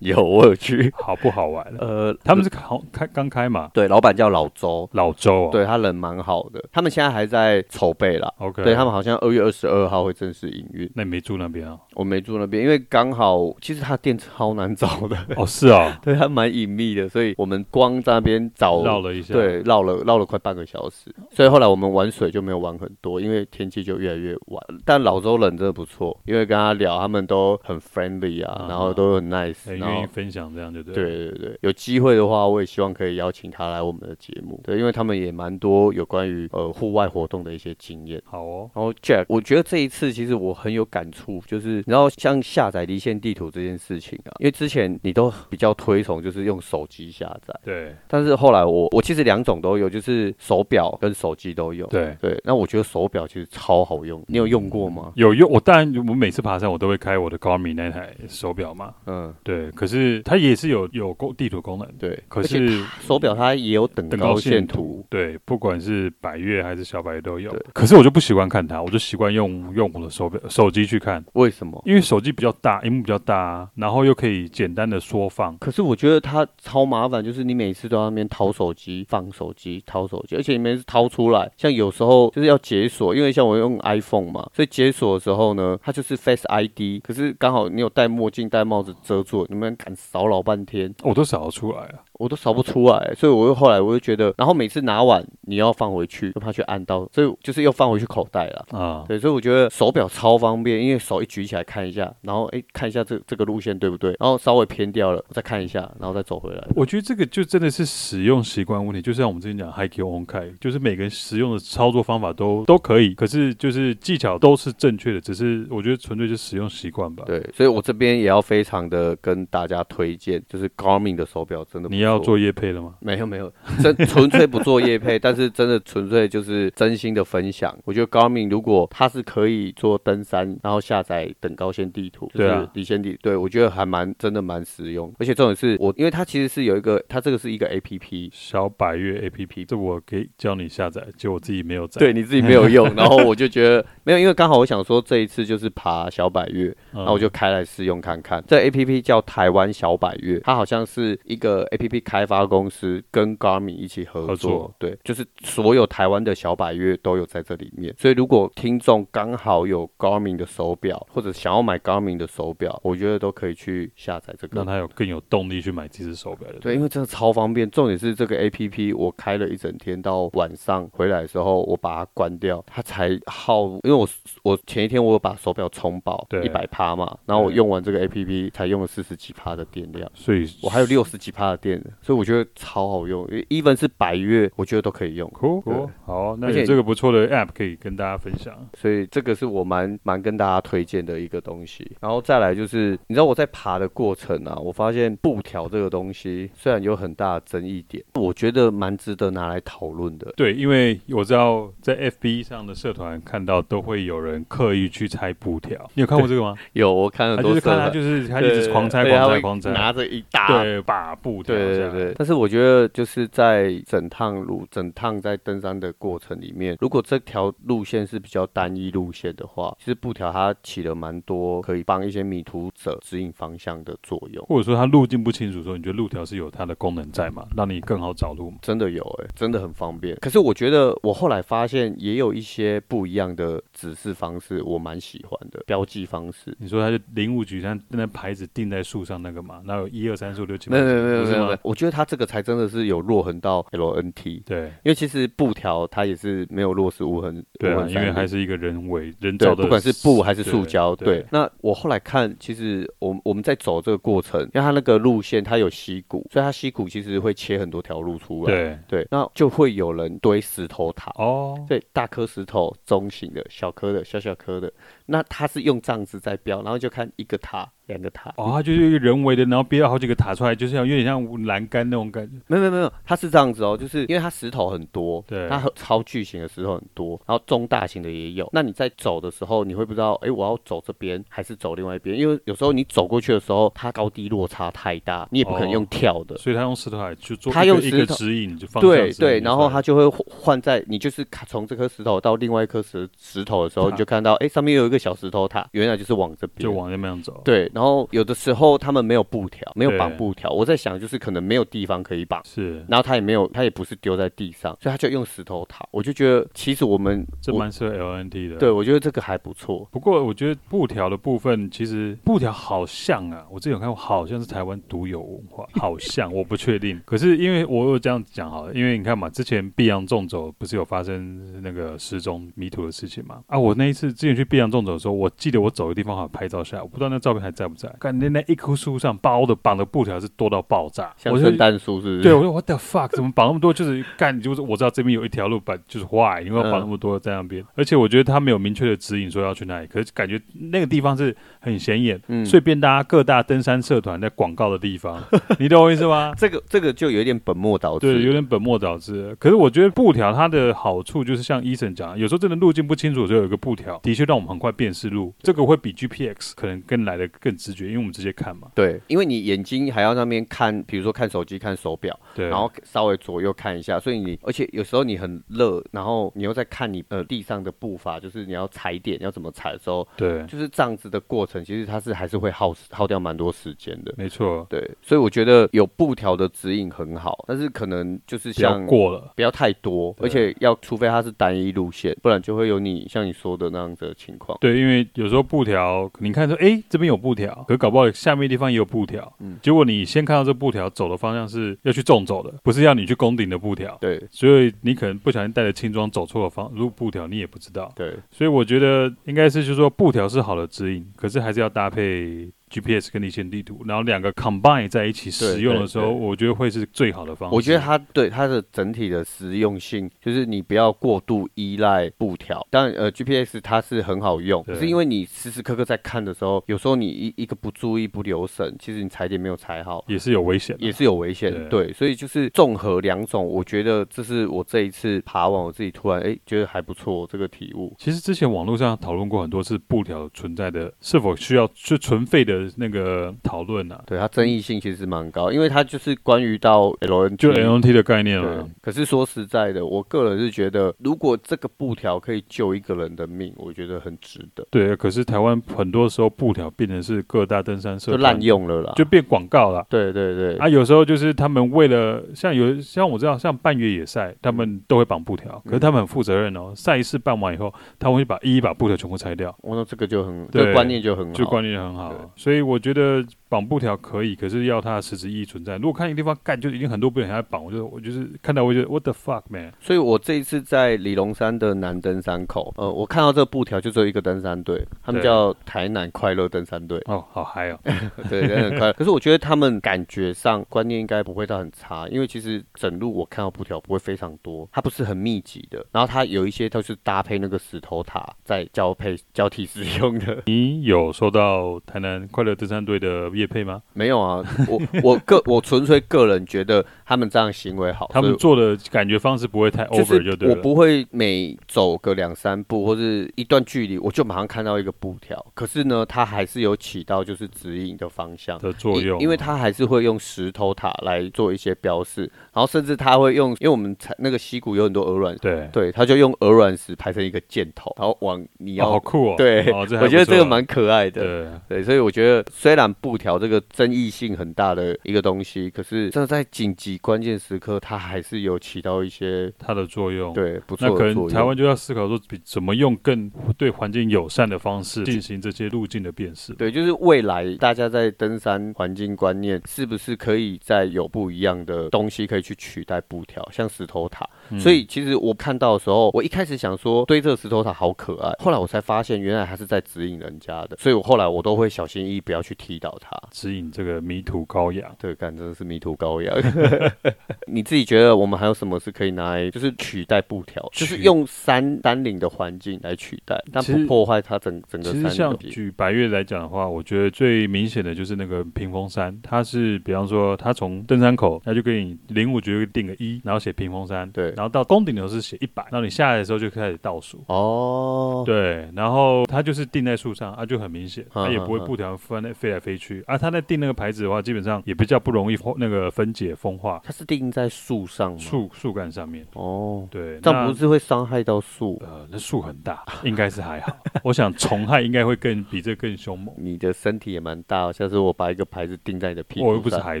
有我有去，好不好玩？呃，他們是好開剛開嘛？對，老闆叫老周，老周。哦，對，他人蠻好的。他們現在還在籌備了，OK？對他們好像二月二十二號會正式營運。那你沒住那邊啊？哦？我沒住那邊，因為剛好其實他店超難找的。哦，是啊。哦， <laughs> 對他蠻隱秘的，所以我們光在那邊找繞了一下，對，繞了繞了快半個小時。所以後來我們玩水就沒有玩很多，因為天氣就越來越晚。但老周人真的不錯，因為跟他聊，他們都很 friendly 啊，啊然後都很 nice，欸。分享這樣就對。對對對，有機會的話，我也希望可以邀請他來我們的節目。對，因為他們也蠻多有關於呃戶外活動的一些經驗。好哦。然後 Jack，我覺得這一次其實我很有感觸，就是然後像下載離線地圖這件事情啊，因為之前你都比較推崇就是用手機下載。對。但是後來我我其實兩種都有，就是手表跟手機都有。對對。那我覺得手表其實超好用，嗯、你有用過嗎？有用。我當然，我每次爬山我都會開我的 Garmin 那台手表嘛。嗯。對。嗯可是它也是有有功地圖功能，對。可是手錶它也有等高線圖高，對。不管是百岳還是小百岳都有對。可是我就不習慣看它，我就習慣用用我的手錶手機去看。為什麼？因為手機比較大，螢幕比較大，然後又可以簡單的縮放。可是我覺得它超麻煩，就是你每次都在那邊掏手機、放手機、掏手機，而且每次掏出來，像有時候就是要解鎖，因為像我用 iPhone 嘛，所以解鎖的時候呢，它就是 Face ID。可是剛好你有戴墨鏡戴帽子遮住，你們。敢掃老半天，哦，我都掃得出來啊？我都掃不出來，所以我又後來我又覺得，然後每次拿完，你要放回去，又怕去按到，所以就是又放回去口袋了啊。對，所以我覺得手表超方便，因為手一舉起來看一下，然後哎看一下這這個路線對不對，然後稍微偏掉了我再看一下，然後再走回來。我覺得這個就真的是使用習慣問題，就像我們之前講，hike your own hike 就是每個人使用的操作方法都都可以，可是就是技巧都是正確的，只是我覺得純粹是使用習慣吧。對，所以我這邊也要非常的跟大家推薦，就是 Garmin 的手表真的不要做業配了嗎？沒有沒有，真純粹不做業配， <laughs> 但是真的純粹就是真心的分享。我覺得高明如果他是可以做登山，然後下載等高線地圖，對等高線地，對我覺得還蠻真的蠻實用。而且重點是我，因為它其實是有一個，它這個是一個 A P P 小百岳 A P P，這我可以教你下載，就我自己沒有在，對你自己沒有用。然後我就覺得 <laughs> 沒有，因為剛好我想說這一次就是爬小百岳、嗯、然後我就開來試用看看。這個、A P P 叫台灣小百岳，它好像是一個 A P P。開發公司跟 Garmin 一起合作，對，就是所有台灣的小百岳都有在這裡面。所以如果聽眾剛好有 Garmin 的手錶，或者想要買 Garmin 的手錶，我覺得都可以去下載這個，讓他有更有動力去買這隻手錶。對，因為真的超方便。重點是這個 APP，我開了一整天到晚上回來的時候，我把它關掉，它才耗，因為我我前一天我有把手錶充飽，對，一百趴嘛，然後我用完這個 APP 才用了四十幾趴的電量，所以我還有六十幾趴的電。所以我覺得超好用，因為 even 是百岳，我覺得都可以用。好、cool?，好，那你這個不錯的 app 可以跟大家分享。所以這個是我蠻蠻跟大家推薦的一個東西。然後再來就是，你知道我在爬的過程啊，我發現布條這個東西雖然有很大的爭議點，我覺得蠻值得拿來討論的。對，因為我知道在 FB 上的社團看到都會有人刻意去拆布條。你有看過這個嗎？有，我看了很多次。看他就是他一直狂拆、狂拆、狂拆，拿着一大把布條。對對對對，對，但是我覺得就是在整趟路，整趟在登山的過程裡面，如果這條路線是比較單一路線的話，其實布條它起了蠻多可以幫一些迷途者指引方向的作用。或者說它路徑不清楚的時候，你覺得路條是有它的功能在嗎？讓你更好找路嗎？真的有哎，欸，真的很方便。可是我覺得我後來發現也有一些不一樣的指示方式，我蠻喜歡的標記方式。你說它就林務局那，那牌子釘在樹上那個嘛？那有一二三四五六七，沒有沒有沒有。我覺得它這個才真的是有落痕到 LNT，對，因為其實布條它也是沒有落實無痕。對啊，因為還是一個人為人走的，不管是布還是塑膠。對，那我後來看，其實我們我們在走這個過程，因為它那個路線它有溪谷，所以它溪谷其實會切很多條路出來。對，對那就會有人堆石頭塔哦，對，大顆石頭、中型的、小顆的、小小顆的。那它是用這樣子在標，然後就看一個塔、兩個塔。哦，它就是一個人為的，然後標了好幾個塔出來，就是要有點像欄杆那種感覺。沒有沒有沒有，它是這樣子哦，就是因為它石頭很多，對，它超巨型的石頭很多，然後。中大型的也有，那你在走的時候，你會不知道，哎、欸，我要走這邊還是走另外一邊？因為有時候你走過去的時候，它高低落差太大，你也不可能用跳的、哦，所以他用石頭來去做一個，一個指引，你就放這，對對，然後他就會換在你就是從這顆石頭到另外一顆石石頭的時候，你就看到哎、欸，上面有一個小石頭塔，原來就是往這邊，就往那邊走。對，然後有的時候他們沒有布條，沒有綁布條，我在想就是可能沒有地方可以綁，是，然後他也沒有，他也不是丟在地上，所以他就用石頭塔。我就覺得其實我們。這蠻適合 LNT 的，我對，我覺得這個還不錯。不過我覺得布條的部分，其實布條好像啊，我之前有看過，好像是台灣獨有文化，好像 <laughs> 我不確定。可是因為我有這樣講好了，因為你看嘛，之前畢羊縱走不是有發生那個失蹤迷途的事情嘛？啊，我那一次之前去畢羊縱走的時候，我記得我走的地方好像拍照下來，我不知道那照片還在不在。看那那一棵樹上包的綁的布條是多到爆炸，像聖誕樹是不是？對，我說 What the fuck？怎麼綁那麼多？就是 <laughs> 幹就是我知道這邊有一條路板就是壞，因為綁那麼多、嗯、在。這樣變，而且我覺得他沒有明確的指引說要去哪裡，可是感覺那個地方是很顯眼，嗯，隨便大家各大登山社團在廣告的地方， <laughs> 你懂我意思嗎？呃、這個這個就有點本末倒置，對，有點本末倒置。可是我覺得布條它的好處就是像醫生講，有時候真的路徑不清楚的時候，有一個布條的確讓我們很快辨識路，這個會比 GPX 可能更來的更直覺，因為我們直接看嘛。對，因為你眼睛還要那邊看，比如說看手機、看手表，對，然後稍微左右看一下，所以你而且有時候你很熱，然後你又在看你呃。地上的步伐就是你要踩點要怎麼踩的時候，對，就是這樣子的過程，其實它是還是會耗耗掉蠻多時間的，沒錯，對，所以我覺得有布條的指引很好，但是可能就是像過了不要太多，而且要除非它是單一路線，不然就會有你像你說的那樣的情況，對，因為有時候布條你看說哎、欸、這邊有布條，可是搞不好下面地方也有布條，嗯，結果你先看到這布條走的方向是要去縱走的，不是要你去攻頂的布條，對，所以你可能不小心帶着輕裝走錯了方，如果布條你也不知道，對，所以我覺得應該是就就是說布條是好的指引，可是還是要搭配。GPS 跟離線地圖，然後兩個 combine 在一起使用的時候，對對對，我覺得會是最好的方式。我覺得它對它的整體的實用性，就是你不要過度依賴布條。當然，呃，GPS 它是很好用，可是因為你時時刻刻在看的時候，有時候你一一個不注意、不留神，其實你踩點沒有踩好，也是有危險，也是有危險。對，所以就是綜合兩種，我覺得這是我這一次爬完，我自己突然哎、欸、覺得還不錯這個體悟。其實之前網絡上討論過很多次布條存在的是否需要就存廢的。那個討論吶，對，他爭議性其實蠻高，因為它就是關於到 L N T 就 L N T 的概念嘛。可是說實在的，我個人是覺得，如果這個布條可以救一個人的命，我覺得很值得。對。可是台灣很多時候布條變成是各大登山社就濫用了啦，就變廣告了。對對對，啊，有時候就是他們為了像有像我知道像辦越野賽，他們都會綁布條，可是他們很負責任哦，賽、嗯、事辦完以後，他會把一一把布條全部拆掉。我、哦、說這個就很，這觀念就很好，就觀念就很好，所以。所以我覺得。綁布條可以，可是要它的實質意義存在。如果看一個地方幹，幹就已經很多布條在綁，我就我就是看到，我就 What the fuck man！所以，我這一次在里龍山的南登山口，呃，我看到這個布條就只有一個登山隊，他們叫台南快樂登山隊。哦，好嗨哦！ <laughs> 對，真的很快樂。 <laughs> 可是我覺得他們感覺上觀念應該不會到很差，因為其實整路我看到布條不會非常多，它不是很密集的。然後它有一些都是搭配那個石頭塔在交配交替使用的。你有收到台南快樂登山隊的？也配嗎？沒有啊，我我個我純粹個人覺得他們這樣行為好，他們做的感覺方式不會太 over 就對。我不會每走個兩三步或者一段距離，我就馬上看到一個布條。可是呢，它還是有起到就是指引的方向的作用。因，因為它還是會用石頭塔來做一些標示，然後甚至他會用，因為我們那個溪谷有很多鵝卵石，對，他就用鵝卵石排成一個箭頭，然後往你要、哦。好酷哦。對，哦啊、我覺得這個蠻可愛的對。對，所以我覺得雖然布條。聊這個爭議性很大的一個東西，可是這在緊急關鍵時刻，它還是有起到一些它的作用，對，不錯。那可能台灣就要思考說，比怎麼用更對環境友善的方式進行這些路徑的辨識。對，就是未來大家在登山環境觀念是不是可以再有不一樣的東西可以去取代布條，像石頭塔。嗯。所以其實我看到的時候，我一開始想說，堆這個石頭塔好可愛，後來我才發現，原來它是在指引人家的。所以我後來我都會小心翼翼，不要去踢倒它。指引這個迷途羔羊，對，感覺是迷途羔羊。 <laughs> 你自己覺得我們還有什麼是可以拿來，就是取代布條，就是用山單嶺的環境來取代，但不破壞它整整個山。其實舉百岳來講的話，我覺得最明顯的就是那個屏風山，它是比方說它從登山口，它就給你零五九定個一，然後寫屏風山，對，然後到攻頂的時候是寫一百，然後你下來的時候就開始倒數，哦，對，然後它就是定在樹上啊，就很明顯，它也不會布條翻飛來飛去。啊啊啊啊啊，他在釘那個牌子的話，基本上也比較不容易那個分解風化。它是釘在樹上嗎，樹樹幹上面。哦，對，這樣不是會傷害到樹？呃，那樹很大， <laughs> 應該是還好。 <laughs> 我想蟲害應該會更比這更凶猛。你的身體也蠻大、哦，像是我把一個牌子釘在你的屁股我又不是海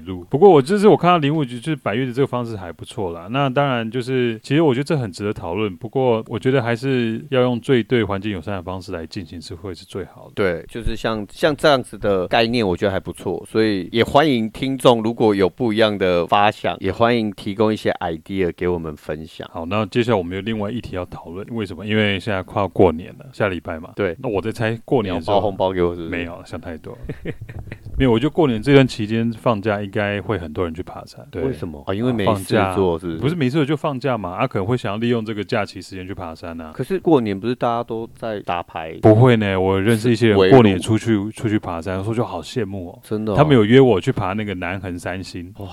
陸。不過我就是我看到林務局就是百岳的這個方式還不錯啦。那當然就是其實我覺得這很值得討論。不過我覺得還是要用最對環境友善的方式來進行是會是最好的。對，就是像像這樣子的概念，我覺得還。不錯，所以也歡迎聽眾如果有不一樣的發想，也歡迎提供一些 idea 給我們分享。好，那接下來我們有另外一題要討論，為什麼？因為現在快要過年了，下禮拜嘛。對，那我在猜過年的時候包紅包給我是？沒有想太多，沒有。 <laughs> 沒有我覺得過年這段期間放假，應該會很多人去爬山。對，為什麼啊？因為沒事做，是不是？不是沒事就放假嘛？啊，可能會想要利用這個假期時間去爬山啊。可是過年不是大家都在打牌？不會呢。我認識一些人過年出去出去爬山，說就好羨慕。真的、哦，他們有約我去爬那個南橫三星，哇！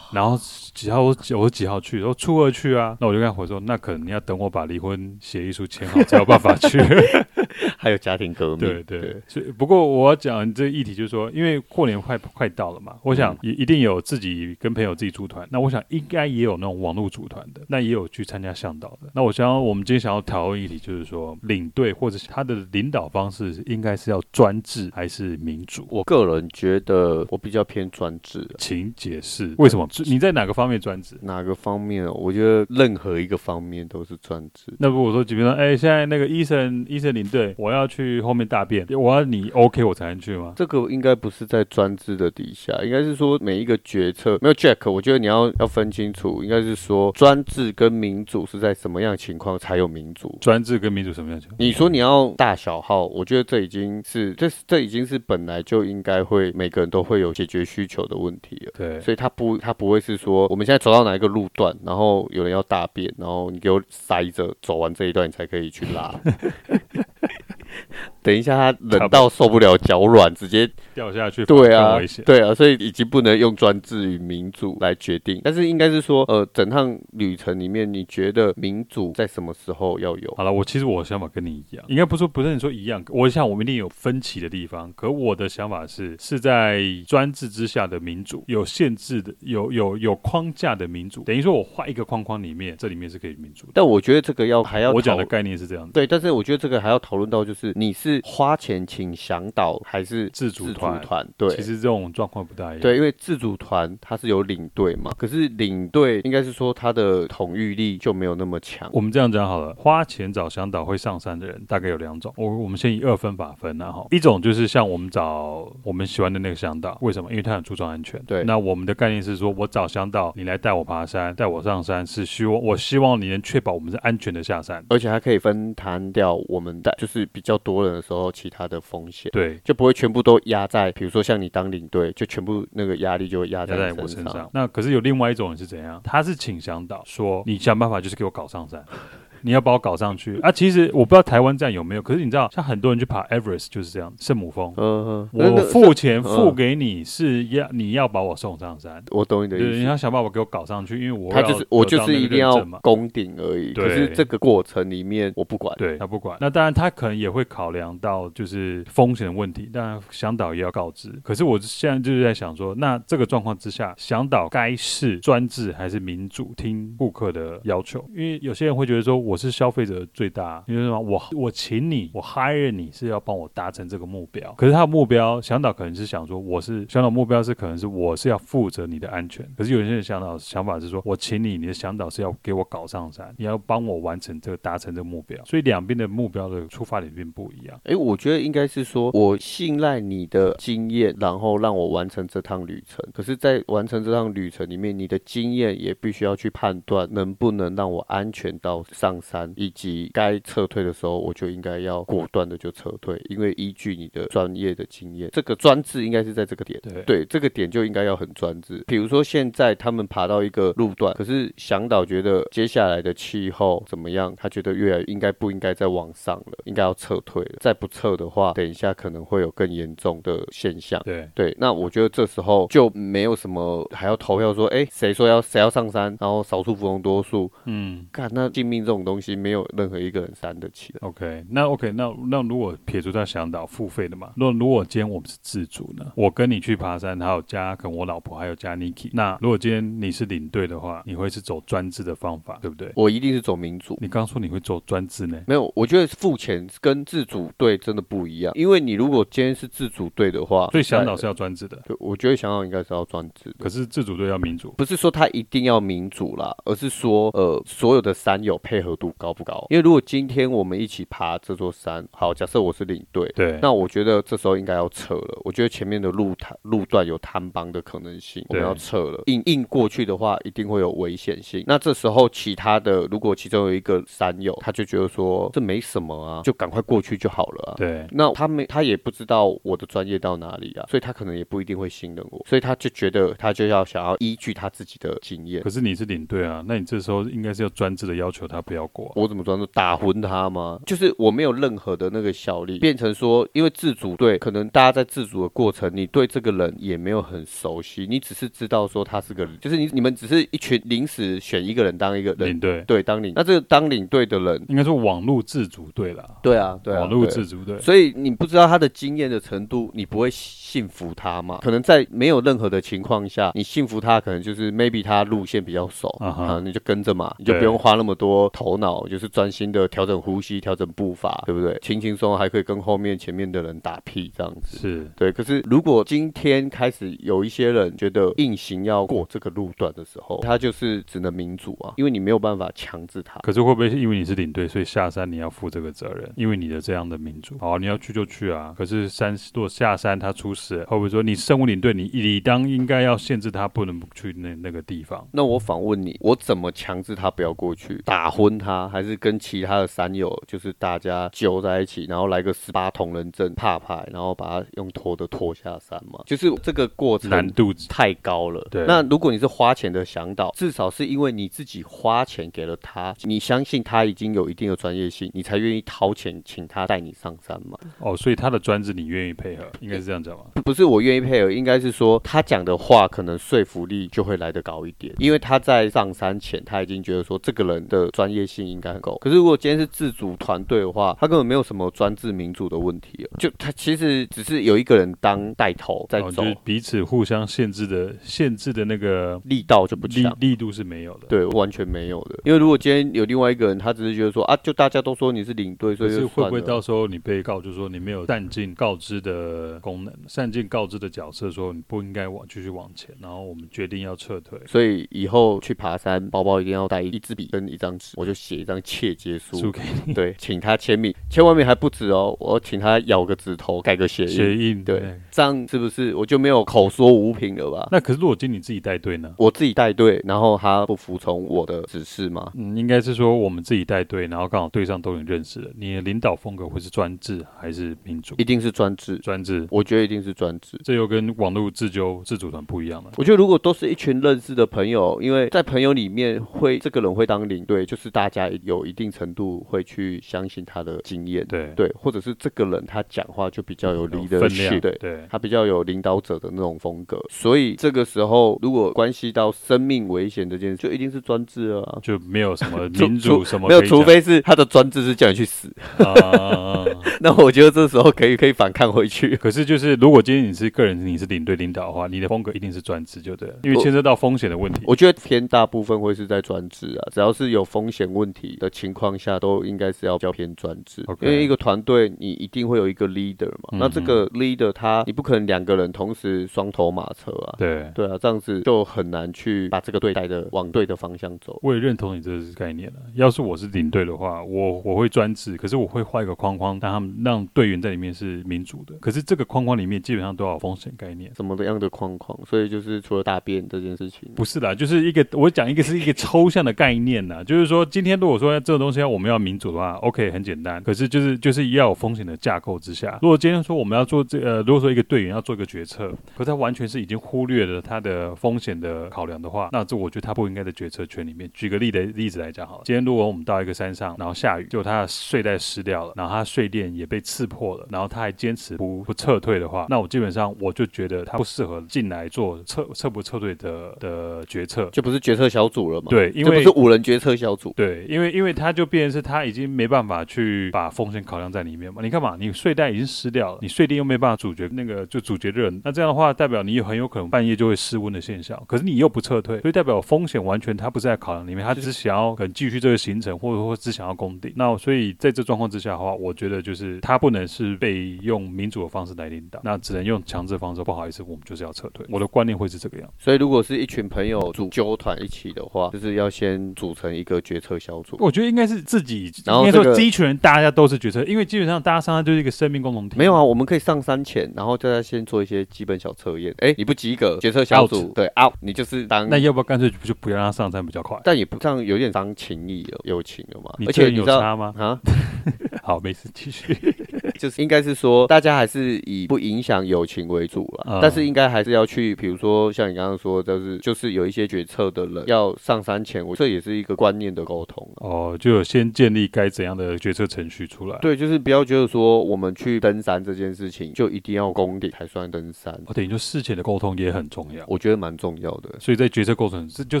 然後。幾號？我幾？我幾號去？說初二去啊。那我就跟他說：“那可能你要等我把離婚協議書簽好才有辦法去。 <laughs> ” <laughs> <laughs> 還有家庭革命。對對。對所以不過我要講這個議題就是說，因為過年快快到了嘛，我想一一定有自己跟朋友自己組團。那我想應該也有那種網絡組團的，那也有去參加向導的。那我想我們今天想要討論議題就是說，領隊或者他的領導方式應該是要專制還是民主？我個人覺得我比較偏專制、啊，請解釋為什麼？你在哪個方？方面專制，哪個方面？我覺得任何一個方面都是專制。那如果說，比如說，哎，現在那個醫生醫生領隊，我要去後面大便，我要你 OK 我才能去嗎？這個應該不是在專制的底下，應該是說每一個決策沒有 Jack。我覺得你要要分清楚，應該是說專制跟民主是在什麼樣情況才有民主？專制跟民主什麼樣情況？你說你要大小號，我覺得這已經是這這已經是本來就應該會每個人都會有解決需求的問題了。對，所以他不他不會是說。我們現在走到哪一個路段，然後有人要大便，然後你給我塞着走完這一段，你才可以去拉。 <laughs> 等一下，他冷到受不了，腳軟，直接掉下去。對啊，危險，對啊，所以已經不能用專制與民主來決定。但是應該是說，呃，整趟旅程裡面，你覺得民主在什麼時候要有？好了，我其實我想法跟你一樣，應該不是不是說一樣，我想我們一定有分歧的地方。可我的想法是，是在專制之下的民主，有限制的，有有有框架的民主，等於說我畫一個框框裡面，這裡面是可以民主。但我覺得這個要還要我講的概念是這樣。對，但是我覺得這個還要討論到就是你。你是花錢請響導還是自主團？對，其實這種狀況不大一樣。對，因為自主團它是有領隊嘛，可是領隊應該是說他的統御力就沒有那麼強。我們這樣講好了，花錢找響導會上山的人大概有兩種。我我們先以二分法分，然後一種就是像我們找我們喜歡的那個響導，為什麼？因為他很注重安全。對，那我們的概念是說，我找響導，你來帶我爬山，帶我上山，是希望我希望你能確保我們是安全的下山，而且還可以分攤掉我們的就是比較多。多人的時候，其他的風險對，就不會全部都壓在，比如說像你當領隊，就全部那個壓力就會壓在，在我身上。那可是有另外一種人是怎樣？他是請嚮導說，你想辦法就是給我搞上山。 <laughs> 你要把我搞上去啊？其實我不知道台灣站有沒有，可是你知道，像很多人去爬 Everest 就是這樣，聖母峰。嗯嗯。我付錢付給你是要、uh -huh. 你要把我送上山，我懂你的意思。你要想辦法給我搞上去，因為我他就是我就是一定要攻頂而已，而已。可是這個過程裡面我不管，對他不管。那當然他可能也會考量到就是風險問題，但嚮導也要告知。可是我現在就是在想說，那這個狀況之下，嚮導該是專制還是民主？聽顧客的要求，因為有些人會覺得說我。我是消費者最大，因為什麼？我我請你，我 hire 你是要幫我達成這個目標。可是他的目標，向導可能是想說，我是向導，目標是可能是我是要負責你的安全。可是有些人向導想法是說，我請你，你的向導是要給我搞上山，你要幫我完成這個達成這個目標。所以兩邊的目標的出發點並不一樣。哎，我覺得應該是說我信賴你的經驗，然後讓我完成這趟旅程。可是，在完成這趟旅程裡面，你的經驗也必須要去判斷能不能讓我安全到上山以及該撤退的時候，我就應該要果斷的就撤退，因為依據你的專業的經驗，這個專制應該是在這個點，對，這個點就應該要很專制。比如說現在他們爬到一個路段，可是響導覺得接下來的氣候怎麼樣？他覺得越來越應該不應該再往上了，應該要撤退了。再不撤的話，等一下可能會有更嚴重的現象。對對，那我覺得這時候就沒有什麼還要投票說，哎，誰說要誰要上山，然後少數服從多數。嗯，看那性命這種。東西沒有任何一個人刪得起的 okay。OK，那 OK，那那如果撇除掉響導付費的嘛，那如果今天我們是自主呢？我跟你去爬山，還有加跟我老婆，還有加 Niki。那如果今天你是領隊的話，你會是走專制的方法，對不對？我一定是走民主。你剛剛說你會走專制呢？沒有，我覺得付錢跟自主隊真的不一樣。因為你如果今天是自主隊的話，所以響導是要專制的。我覺得響導應該是要專制。可是自主隊要民主，不是說他一定要民主啦，而是說呃所有的山友配合度高不高？因為如果今天我們一起爬這座山，好，假設我是領隊，對，那我覺得這時候應該要撤了。我覺得前面的路路段有坍崩的可能性，我們要撤了。硬硬過去的話，一定會有危險性。那這時候其他的，如果其中有一個山友，他就覺得說這沒什麼啊，就趕快過去就好了啊。對，那他沒他也不知道我的專業到哪裡啊，所以他可能也不一定會信任我，所以他就覺得他就要想要依據他自己的經驗。可是你是領隊啊，那你這時候應該是要專制的要求他不要。我怎麼裝作打昏他嗎？就是我沒有任何的那個效力，變成說，因為自主隊可能大家在自主的過程，你對這個人也沒有很熟悉，你只是知道說他是個，人，就是你你們只是一群臨時選一個人當一個人領隊，對，當領，那這個當領隊的人應該是網絡自主隊了，對啊，對啊。網絡自主隊，所以你不知道他的經驗的程度，你不會信服他嘛？可能在沒有任何的情況下，你信服他，可能就是 maybe 他路線比較熟啊、嗯，你就跟着嘛，你就不用花那麼多頭腦就是專心的調整呼吸、調整步伐，對不對？輕輕鬆，還可以跟後面前面的人打屁這樣子是。是對。可是如果今天開始有一些人覺得硬行要過這個路段的時候，他就是只能民主啊，因為你沒有辦法強制他。可是會不會是因為你是領隊，所以下山你要負這個責任？因為你的這樣的民主，好、啊，你要去就去啊。可是山若下山他出事，會不會說你身為領隊，你理當應該要限制他不能不去那那個地方？那我反問你，我怎麼強制他不要過去？打昏他？他還是跟其他的山友，就是大家揪在一起，然後來個十八銅人陣怕拍，然後把他用拖的拖下山嘛，就是這個過程難度太高了。對。那如果你是花錢的嚮導，至少是因為你自己花錢給了他，你相信他已經有一定的專業性，你才願意掏錢請他帶你上山嘛。哦，所以他的專制你願意配合，應該是這樣講嗎？不是我願意配合，應該是說他講的話可能說服力就會來得高一點，因為他在上山前他已經覺得說這個人的專業性。應該很高，可是如果今天是自主團隊的話，他根本沒有什麼專制民主的問題了。就他其實只是有一個人當帶頭在走，彼此互相限制的限制的那個力道就不強，力度是沒有的，對，完全沒有的。因為如果今天有另外一個人，他只是覺得說啊，就大家都說你是領隊，所以會不會到時候你被告就說你沒有善盡告知的功能，善盡告知的角色說你不應該往繼續往前，然後我們決定要撤退。所以以後去爬山，包包一定要帶一支筆跟一張紙，我就。寫一張切結書，對，請他簽名，簽完名還不止哦、喔，我請他咬個指頭，蓋個血印，血印，對。上是不是我就沒有口說無憑了吧？那可是如果經理自己帶隊呢？我自己帶隊，然後他不服從我的指示嗎？嗯，應該是說我們自己帶隊，然後剛好隊上都有認識的。你的領導風格會是專制還是民主？一定是專制。專制，我覺得一定是專制。這又跟網絡自救自組團不一樣了。我覺得如果都是一群認識的朋友，因為在朋友裡面會這個人會當領隊，就是大家有一定程度會去相信他的經驗，對對，或者是這個人他講話就比較有理的分量，對對。他比較有領導者的那種風格，所以這個時候如果關係到生命危險這件事，就一定是專制了啊，就沒有什麼民主 <laughs> 什麼，沒有，除非是他的專制是叫你去死啊。 <laughs> 那我覺得這時候可以可以反抗回去。可是就是如果今天你是個人，你是領隊領導的話，你的風格一定是專制，就這樣，因為牽涉到風險的問題。我覺得偏大部分會是在專制啊，只要是有風險問題的情況下，都應該是要較偏專制，okay。因為一個團隊你一定會有一個 leader 嘛，那這個 leader 他。不可能兩個人同時雙頭馬車啊！對對啊，這樣子就很難去把這個隊帶的往對的方向走。我也認同你這個概念了、啊。要是我是領隊的話，我我會專制，可是我會畫一個框框，讓他們讓隊員在裡面是民主的。可是這個框框裡面基本上都要有風險概念，怎麼樣的框框？所以就是除了大便這件事情、啊，不是的，就是一個我講一個是一個抽象的概念啦、啊，就是說，今天如果說要這個東西要我們要民主的話，OK，很簡單。可是就是就是要有風險的架構之下。如果今天說我們要做這呃，如果說一個。隊員要做一個決策，可是他完全是已經忽略了他的風險的考量的話，那這我覺得他不應該在決策權裡面。舉個例的例子來講，好了，今天如果我們到一個山上，然後下雨，就他的睡袋濕掉了，然後他的睡墊也被刺破了，然後他還堅持不不撤退的話，那我基本上我就覺得他不適合進來做撤撤不撤退的的決策，就不是決策小組了嘛？對，因為不是五人決策小組。對，因為因為他就變成是他已經沒辦法去把風險考量在裡面嘛。你看嘛，你睡袋已經濕掉了，你睡墊又沒辦法阻絕那個。呃，就主角的人，那這樣的話代表你很有可能半夜就會失溫的現象。可是你又不撤退，所以代表風險完全他不是在考量裡面，他只想要可能繼續這個行程，或者說或是只想要攻頂。那所以在這狀況之下的話，我覺得就是他不能是被用民主的方式來領導，那只能用強制的方式。不好意思，我們就是要撤退。我的觀念會是這個樣。所以如果是一群朋友組揪團一起的話，就是要先組成一個決策小組。我覺得應該是自己，然後這一群人大家都是決策，因為基本上大家上山就是一個生命共同體。沒有啊，我們可以上山前然後。對他先做一些基本小測驗，哎、欸，你不及格，決策小組 out 對 out，你就是當。那要不要乾脆就不,就不讓他上山比較快？但也不這樣，有點傷情誼有友情的嘛。你而且有差嗎？啊， <laughs> 好，沒事繼續。 <laughs> 就是應該是說，大家還是以不影響友情為主了、嗯。但是應該還是要去，比如說像你剛剛說，就是就是有一些決策的人要上山前，這也是一個觀念的溝通、啊、哦。就有先建立該怎樣的決策程序出來。對，就是不要覺得說我們去登山這件事情就一定要攻頂才算登山。我、哦、等於說事前的溝通也很重要，我覺得蠻重要的。所以在決策過程是，就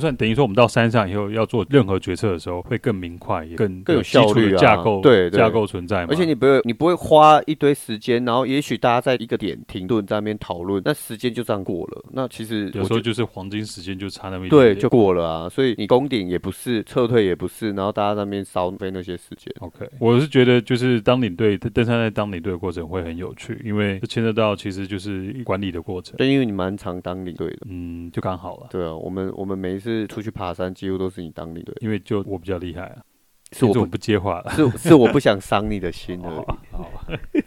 算等於說我們到山上以後要做任何決策的時候，會更明快，也更更有效率架構，啊、對，對，對，架構存在嘛，而且你不會你不會花。花一堆時間，然後也許大家在一個點停頓，在那邊討論，那時間就這樣過了。那其實有時候就是黃金時間，就差那麼一點點，對，就過了啊。所以你攻頂也不是，撤退也不是，然後大家在那邊燒費那些時間。OK，我是覺得就是當領隊登山，在當領隊的過程會很有趣，因為牽涉到其實就是管理的過程。對，因為你蠻常當領隊的，嗯，就剛好了，對啊，我們我們每一次出去爬山，幾乎都是你當領隊，因為就我比較厲害啊。是我不接話，是是我不想傷你的心吧。好，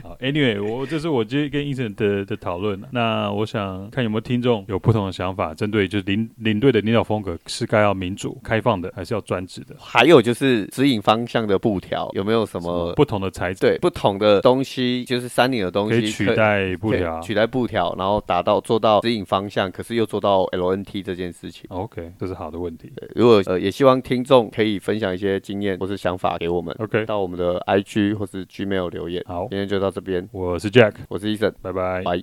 好，Anyway，我這是我今天跟醫生的 <laughs> 的討論、啊。那我想看有沒有聽眾有不同的想法，針對就是領領隊的領導風格是該要民主開放的，還是要專制的？還有就是指引方向的布條有沒有什麼，什麼不同的材質、對，不同的東西，就是山頂，的東西可以取代布條，取代布條，然後達到做到指引方向，可是又做到 LNT 這件事情。OK，這是好的問題。如果呃也希望聽眾可以分享一些經驗。是想法給我們，OK，到我們的 IG 或是 Gmail 留言。好，今天就到這邊。我是 Jack，我是 Eason，拜拜，拜。